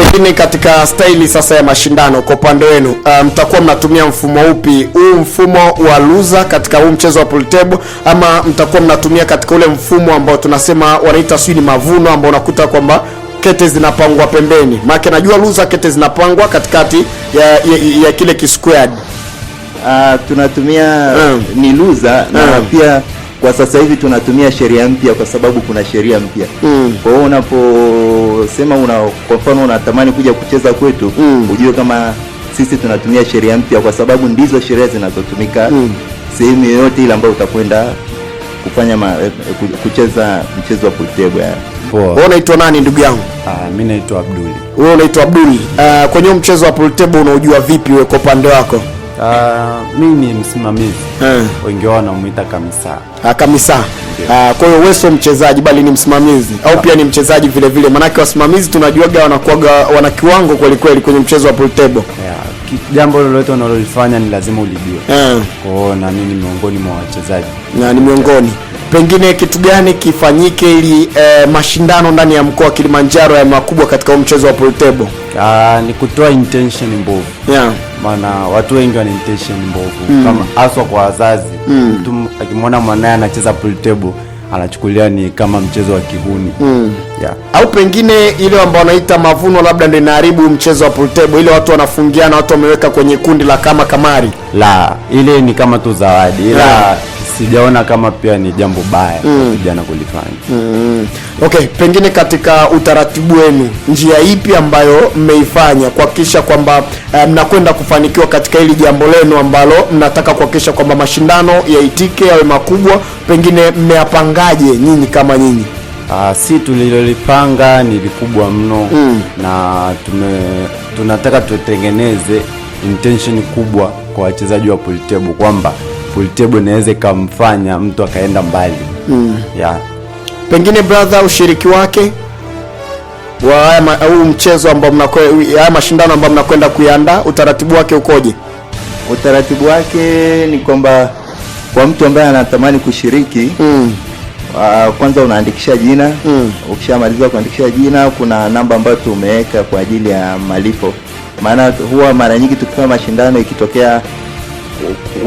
pengine katika staili sasa ya mashindano kwa upande wenu um, mtakuwa um, mnatumia mfumo upi huu mfumo wa luza katika huu mchezo wa pool table ama mtakuwa mnatumia katika ule mfumo ambao tunasema wanaita sijui ni mavuno ambao unakuta kwamba kete zinapangwa pembeni maana najua luza kete zinapangwa katikati ya, ya, ya kile kisquad uh, ah, tunatumia mm. ni luza na eh. pia kwa sasa hivi tunatumia sheria mpya kwa sababu kuna sheria mpya mm. Kwa hiyo unaposema una, kwa mfano unatamani kuja kucheza kwetu mm. Ujue kama sisi tunatumia sheria mpya kwa sababu ndizo sheria zinazotumika mm. Sehemu yoyote ile ambayo utakwenda kufanya ma, eh, kucheza mchezo wa pool eh. Wewe unaitwa nani ndugu yangu? Ah, mimi naitwa Abduli. Wewe unaitwa Abduli. Uh, kwenye mchezo wa pool table unaujua vipi wewe kwa upande wako? Uh, mimi ni msimamizi uh. Wengi wao wanamwita kamisa ah, kamisa Uh, kwa hiyo wewe sio mchezaji bali ni msimamizi au ah. Pia ni mchezaji vile vile, maanake wasimamizi tunajuaga wanakuaga wana kiwango kweli kweli kwenye mchezo wa pool table yeah. Jambo lolote unalolifanya ni lazima ulijue yeah. Kwa hiyo na mimi ni miongoni mwa wachezaji na ni miongoni pengine kitu gani kifanyike ili eh, mashindano ndani ya mkoa wa Kilimanjaro ya makubwa katika mchezo wa pool table? Uh, ni kutoa intention mbovu yeah maana watu wengi wana intention mbovu mm. kama haswa kwa wazazi mm. mtu akimwona mwanaye anacheza pool table anachukulia ni kama mchezo wa kihuni mm. yeah. au pengine ile ambao wanaita mavuno labda ndio inaharibu mchezo wa pool table ile watu wanafungiana watu wameweka kwenye kundi la kama kamari la ile ni kama tu zawadi ila yeah sijaona kama pia ni jambo baya mm. kulifanya mm. Okay, pengine katika utaratibu wenu njia ipi ambayo mmeifanya kuhakikisha kwamba eh, mnakwenda um, kufanikiwa katika hili jambo lenu ambalo mnataka kuhakikisha kwamba mashindano yaitike yawe makubwa, pengine mmeyapangaje nyinyi kama nyinyi? Uh, si tulilolipanga ni likubwa mno mm. na tume, tunataka tutengeneze intention kubwa kwa wachezaji wa pool kwamba pool table inaweza ikamfanya mtu akaenda mbali mm. yeah. Pengine brother, ushiriki wake wa huu mchezo ambao haya mashindano ambayo mnakwenda kuiandaa, utaratibu wake ukoje? Utaratibu wake ni kwamba kwa mtu ambaye anatamani kushiriki mm. Uh, kwanza unaandikisha jina mm. Ukishamaliza kuandikisha jina, kuna namba ambayo tumeweka kwa ajili ya malipo, maana huwa mara nyingi tukiwa mashindano ikitokea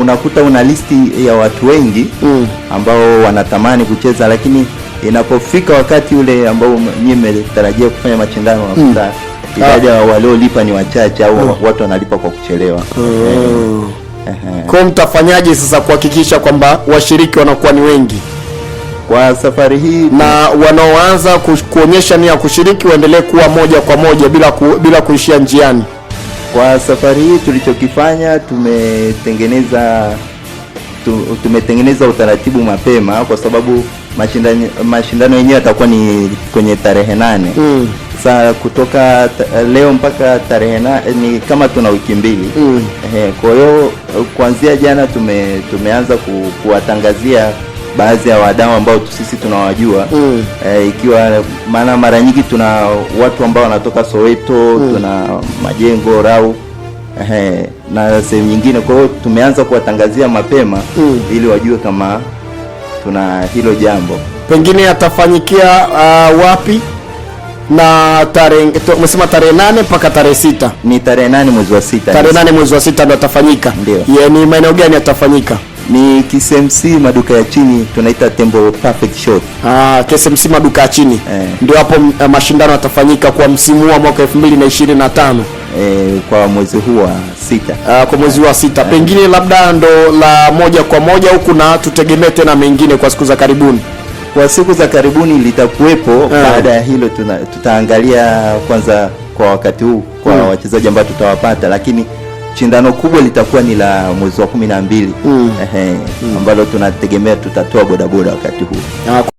unakuta una listi ya watu wengi mm. ambao wanatamani kucheza, lakini inapofika wakati ule ambao nyie mmetarajia kufanya mashindano mm. unakuta mm. idadi ah. waliolipa ni wachache au mm. watu wanalipa kwa kuchelewa mm. eh. eh, eh. Kwa mtafanyaje sasa kuhakikisha kwamba washiriki wanakuwa ni wengi kwa safari hii na wanaoanza kuonyesha nia ya kushiriki waendelee kuwa moja kwa moja bila, ku, bila kuishia njiani? Kwa safari hii tulichokifanya tumetengeneza tu, tumetengeneza utaratibu mapema kwa sababu mashindano mashindano yenyewe yatakuwa ni kwenye tarehe nane. Mm. Sasa kutoka leo mpaka tarehe na ni kama tuna wiki mbili. Mm. Eh, kwa hiyo kuanzia jana tume, tumeanza ku, kuwatangazia baadhi ya wadau ambao sisi tunawajua mm. eh, ikiwa maana mara nyingi tuna watu ambao wanatoka Soweto mm. tuna majengo rau eh, na sehemu nyingine. Kwa hiyo tumeanza kuwatangazia mapema mm. ili wajue kama tuna hilo jambo, pengine yatafanyikia uh, wapi na tarehe tarehe nane mpaka tarehe sita ni tarehe nane mwezi wa sita tarehe nane mwezi wa sita ndo atafanyika. Ndio, yeah, ni maeneo gani atafanyika? ni KSMC maduka ya chini tunaita Tembo Perfect Shop. Ah, KSMC maduka ya chini eh, ndio hapo uh, mashindano yatafanyika kwa msimu wa mwaka 2025 eh, kwa mwezi huu wa sita. Ah, kwa mwezi huu wa sita eh, pengine labda ndo la moja kwa moja huku na tutegemee tena mengine kwa siku za karibuni kwa siku za karibuni litakuwepo. Eh. Baada ya hilo tuna, tutaangalia kwanza kwa wakati huu kwa hmm, wachezaji ambao tutawapata lakini Shindano kubwa litakuwa ni la mwezi wa kumi na mbili mm. mm. ambalo tunategemea tutatoa bodaboda wakati huu.